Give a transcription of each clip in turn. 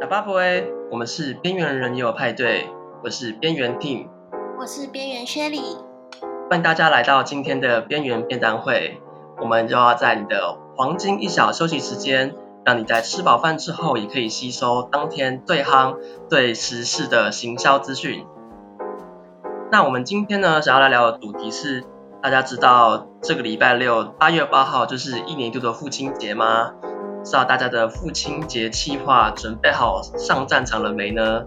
呷霸沒，我們是邊緣人也有派對，我是邊緣 Tim，我是邊緣 Sherry，歡迎大家來到今天的邊緣便當會，我們就要在你的黃金一小休息時間，讓你在吃飽飯之後也可以吸收當天最夯、對時事的行銷資訊。那我們今天呢，想要來聊的主題是，大家知道這個禮拜六八月八號就是一年一度的父親節嗎？知道大家的父親節企劃準備好上戰場了沒呢？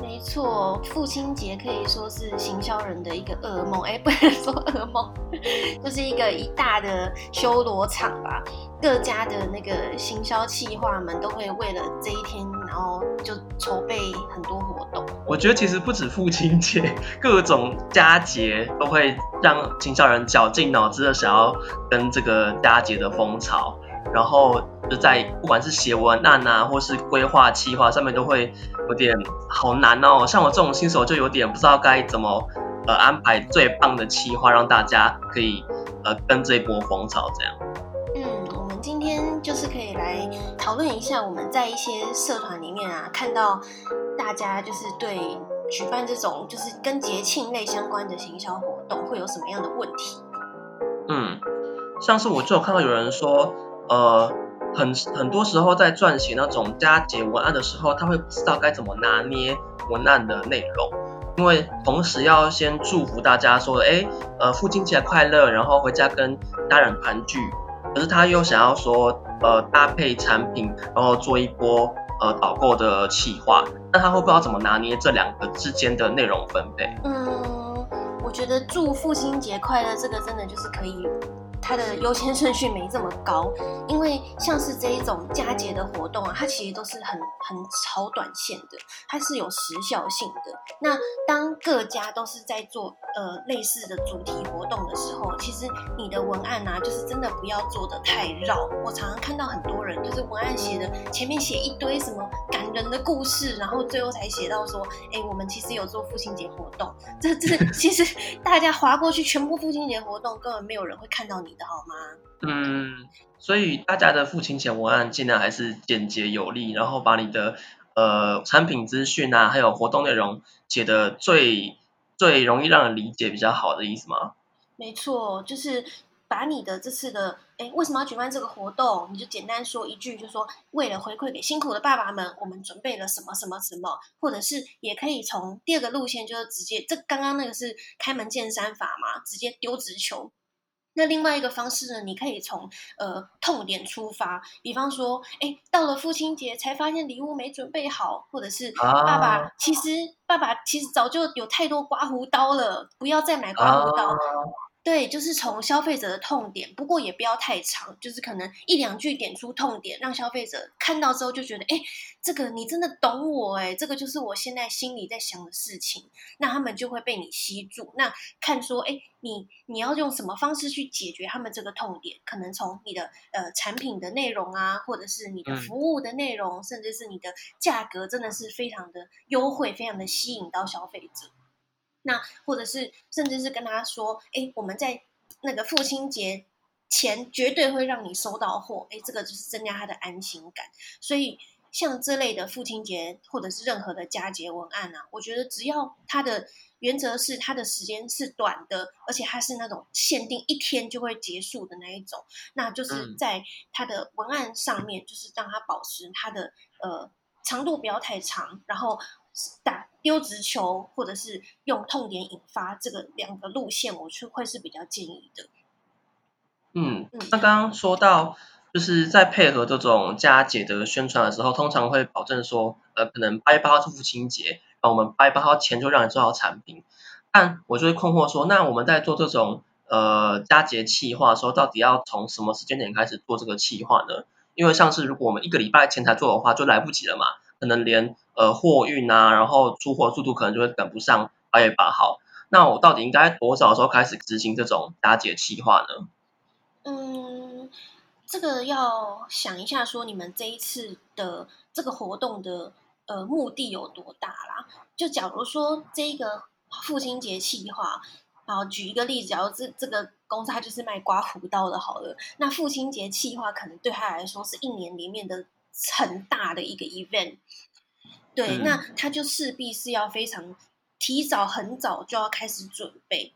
沒錯，父親節可以說是行銷人的一個噩夢。哎、欸，不能說噩夢，就是一個一大的修羅場吧。各家的那個行銷企劃們都會為了這一天，然後就籌備很多活動。我覺得其實不止父親節，各種佳節都會讓行銷人絞盡腦汁的想要跟這個佳節的風潮。然後就在不管是寫文案啊，或是規劃企劃上面，都會有點好難哦。像我這種新手，就有點不知道該怎麼呃安排最棒的企劃，讓大家可以呃跟這一波風潮這樣。嗯，我們今天就是可以來討論一下，我們在一些社團裡面啊，看到大家就是對舉辦這種就是跟節慶類相關的行銷活動，會有什麼樣的問題？嗯，上次我就有看到有人說。呃，很很多時候在撰寫那種佳節文案的時候，他會不知道該怎麼拿捏文案的內容，因為同時要先祝福大家說，誒，呃，父親節快樂，然後回家跟家人團聚，可是他又想要說，呃，搭配產品，然後做一波呃導購的企劃，那他會不知道怎麼拿捏這兩個之間的內容分配。嗯，我覺得祝父親節快樂這個真的就是可以。它的優先順序沒這麼高，因為像是這一種佳節的活動啊，它其實都是很很超短線的，它是有時效性的。那當各家都是在做呃類似的主題活動的時候，其實你的文案吶、啊，就是真的不要做的太繞。我常常看到很多人就是文案寫的前面寫一堆什麼感人的故事，然後最後才寫到說，哎、欸，我們其實有做父親節活動。這這、就是、其實大家滑過去，全部父親節活動根本沒有人會看到你。你的，好嗎？嗯，所以大家的父親節文案盡量還是簡潔有力，然後把你的呃產品資訊啊，還有活動內容寫得最最容易讓人理解比較好的意思嗎？沒錯，就是把你的這次的哎為什麼要舉辦這個活動，你就簡單說一句，就說為了回饋給辛苦的爸爸們，我們準備了什麼什麼什麼，或者是也可以從第二個路線，就是直接這剛剛那個是開門見山法嘛，直接丟直球。那另外一個方式呢？你可以從呃痛點出發，比方說，哎，到了父親節才發現禮物沒準備好，或者是你爸爸，啊、其實爸爸其實早就有太多刮鬍刀了，不要再買刮鬍刀。啊對，就是從消費者的痛點，不過也不要太長，就是可能一兩句點出痛點，讓消費者看到之後就覺得，誒，這個你真的懂我，誒，這個就是我現在心裡在想的事情，那他們就會被你吸住。那看說，誒，你你要用什麼方式去解決他們這個痛點？可能從你的呃產品的內容啊，或者是你的服務的內容，嗯、甚至是你的價格，真的是非常的優惠，非常的吸引到消費者。那或者是甚至是跟他說，哎、欸，我們在那個父親節前絕對會讓你收到貨，哎、欸，這個就是增加他的安心感。所以像這類的父親節或者是任何的佳節文案啊，我覺得只要它的原則是它的時間是短的，而且它是那種限定一天就會結束的那一種，那就是在它的文案上面就是讓它保持它的呃長度不要太長，然後打丟直球，或者是用痛點引發，這個兩個路線，我是會是比較建議的。嗯，嗯，那剛剛說到，就是在配合這種佳節的宣傳的時候，通常會保證說，呃，可能八月八號是父親節，那，呃、我們八月八號前就讓你收到產品。但我就會困惑說，那我們在做這種呃佳節企劃的時候，到底要從什麼時間點開始做這個企劃呢？因為上次如果我們一個禮拜前才做的話，就來不及了嘛。可能連呃貨運啊，然後出貨速度可能就會趕不上八月八號。那我到底應該多少時候開始執行這種佳節企劃呢？嗯，這個要想一下，說你們這一次的這個活動的呃目的有多大啦？就假如說這個父親節企劃，然後舉一個例子，假如這這個公司它就是賣刮鬍刀的，好了，那父親節企劃可能對他來說是一年裡面的很大的一個 event，對、嗯，那他就勢必是要非常提早，很早就要開始準備。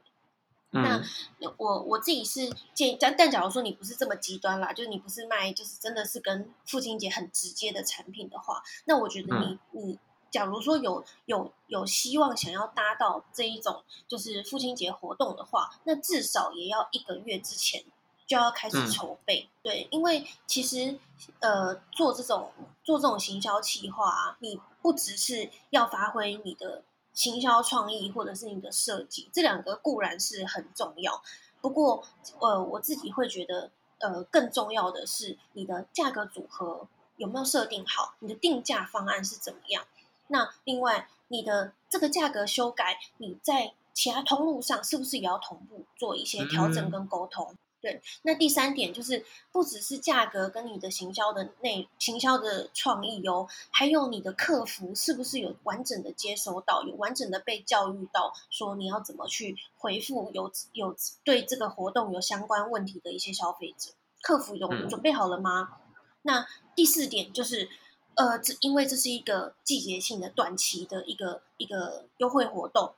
嗯、那我我自己是建議，但但假如說你不是這麼極端啦，就是你不是賣就是真的是跟父親節很直接的產品的話，那我覺得你你、嗯、假如說有有有希望想要搭到這一種就是父親節活動的話，那至少也要一個月之前。就要開始籌備，嗯，對，因為其實，呃，做這種做這種行銷企劃啊，你不只是要發揮你的行銷創意，或者是你的設計，這兩個固然是很重要。不過，呃，我自己會覺得，呃，更重要的是你的價格組合有沒有設定好，你的定價方案是怎麼樣。那另外，你的這個價格修改，你在其他通路上是不是也要同步做一些調整跟溝通？嗯，嗯。對，那第三點就是，不只是價格跟你的行銷的內行銷的創意喲，還有你的客服是不是有完整的接收到，有完整的被教育到，說你要怎麼去回復有有對這個活動有相關問題的一些消費者，客服有，有準備好了嗎？嗯。那第四點就是，呃，這因為這是一個季節性的短期的一個一個優惠活動，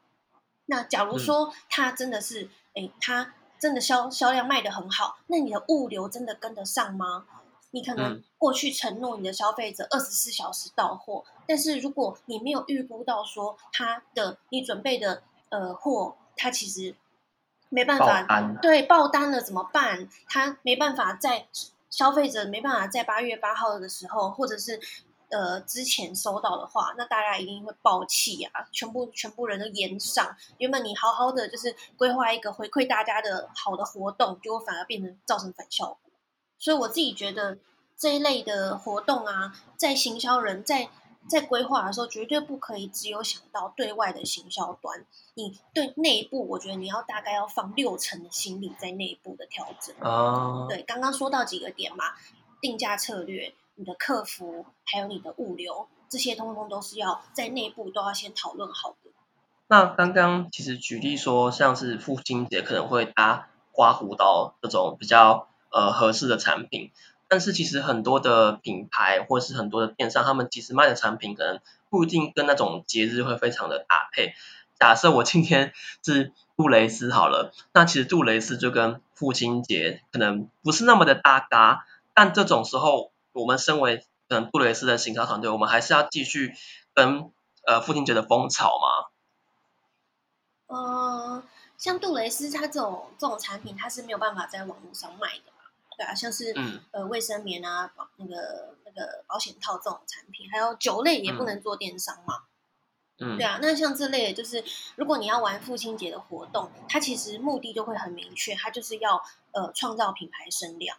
那假如說他真的是，嗯，誒，他。真的銷銷量賣得很好，那你的物流真的跟得上嗎？你可能過去承諾你的消費者二十四小時到貨，嗯，但是如果你沒有預估到說他的你準備的呃貨，他其實沒辦法，報對爆單了怎麼辦？他沒辦法在消費者沒辦法在八月八號的時候，或者是。呃，之前收到的話，那大家一定會爆氣呀，啊，全部全部人都炎上。原本你好好的就是規劃一個回饋大家的好的活動，結果反而變成造成反效果。所以我自己覺得這一類的活動啊，在行銷人在在規劃的時候，絕對不可以只有想到對外的行銷端，你對內部，我覺得你要大概要放六成的心力在內部的調整。哦，uh...，對，剛剛說到幾個點嘛，定價策略。你的客服還有你的物流，這些通通都是要在內部都要先討論好的。那剛剛其實舉例說，像是父親節可能會搭刮鬍刀這種比較呃合適的產品，但是其實很多的品牌或者是很多的電商，他們其實賣的產品可能不一定跟那種節日會非常的搭配。假設我今天是杜蕾斯好了，那其實杜蕾斯就跟父親節可能不是那麼的搭搭，但這種時候，我們身為嗯杜蕾斯的行銷團隊，我們還是要繼續跟呃父親節的風潮嘛。嗯、呃，像杜蕾斯它這種這種產品，它是沒有辦法在網絡上賣的嘛。對啊，像是、嗯、呃衛生棉啊、那個那個保險套這種產品，還有酒類也不能做電商嘛。嗯、對啊，那像這類就是如果你要玩父親節的活動，它其實目的就會很明確，它就是要呃創造品牌聲量。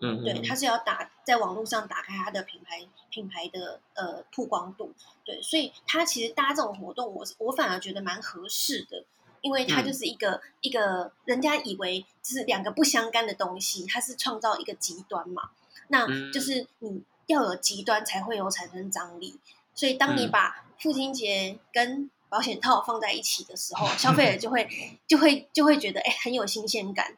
嗯，對，他是要打在網絡上打開他的品牌品牌的呃曝光度，對，所以他其實搭這種活動我，我我反而覺得蠻合適的，因為它就是一個、嗯、一個人家以為就是兩個不相干的東西，它是創造一個極端嘛，那就是你要有極端才會有產生張力，所以當你把父親節跟保險套放在一起的時候，嗯、消費者就會就會就會覺得哎、欸、很有新鮮感。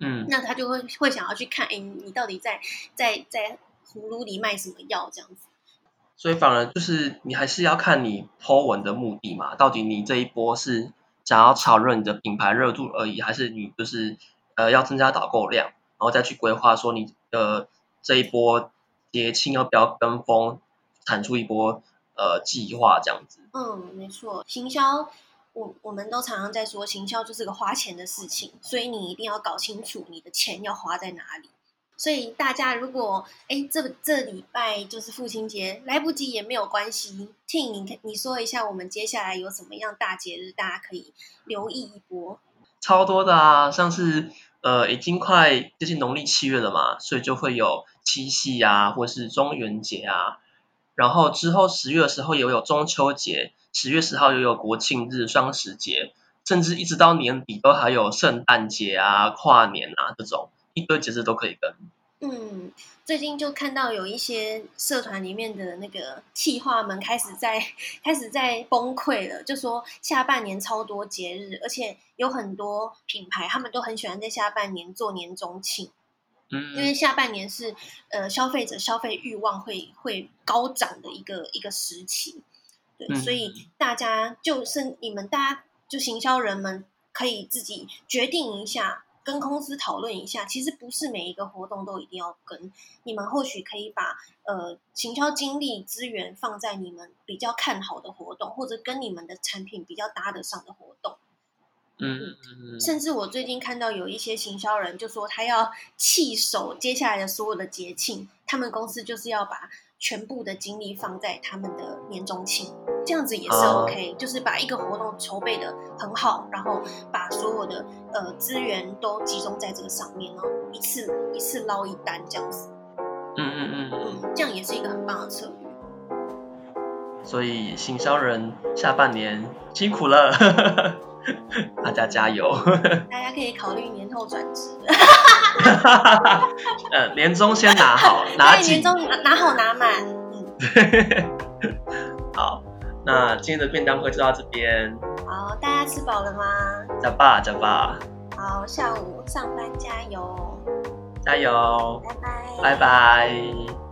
嗯，那他就會會想要去看，哎，你到底在在在葫蘆裡賣什麼藥這樣子？所以反而就是你還是要看你 Po 文的目的嘛，到底你這一波是想要炒熱你的品牌熱度而已，還是你就是呃要增加導購量，然後再去規劃說你的、呃、這一波節慶要不要跟風產出一波呃企劃這樣子？嗯，沒錯，行銷。我我們都常常在說，行銷就是個花錢的事情，所以你一定要搞清楚你的錢要花在哪裡。所以大家如果哎、欸，這這禮拜就是父親節，來不及也沒有關係。Tim，你，你說一下我們接下來有什麼樣大節日，大家可以留意一波。超多的啊，像是呃已經快接近農曆七月了嘛，所以就會有七夕啊，或是中元節啊，然後之後十月的時候也會有中秋節。十月十號又有國慶日、雙十節，甚至一直到年底都還有聖誕節啊、跨年啊這種一堆節日都可以跟。嗯，最近就看到有一些社團裡面的那個企劃們開始在開始在崩潰了，就說下半年超多節日，而且有很多品牌他們都很喜歡在下半年做年終慶，嗯，因為下半年是呃消費者消費慾望會會高漲的一個一個時期。對，所以大家就是你們大家就行銷人們可以自己決定一下，跟公司討論一下。其實不是每一個活動都一定要跟，你們或許可以把呃行銷精力資源放在你們比較看好的活動，或者跟你們的產品比較搭得上的活動。嗯嗯嗯。甚至我最近看到有一些行銷人就說，他要棄守接下來的所有的節慶，他們公司就是要把全部的精力放在他們的年終慶，這樣子也是 OK，Oh. 就是把一個活動籌備的很好，然後把所有的呃資源都集中在這個上面，然後一次一次撈一單這樣子。嗯嗯嗯嗯，這樣也是一個很棒的策略。所以行銷人下半年辛苦了。 大家加油！ 大家可以考慮年後轉職。年 終、 嗯、先拿好， 中拿年終拿好拿滿。嗯、 好，那今天的便當會就到這邊。好，大家吃飽了嗎？走吧，走吧。好，下午上班加油，加油，拜拜，拜拜。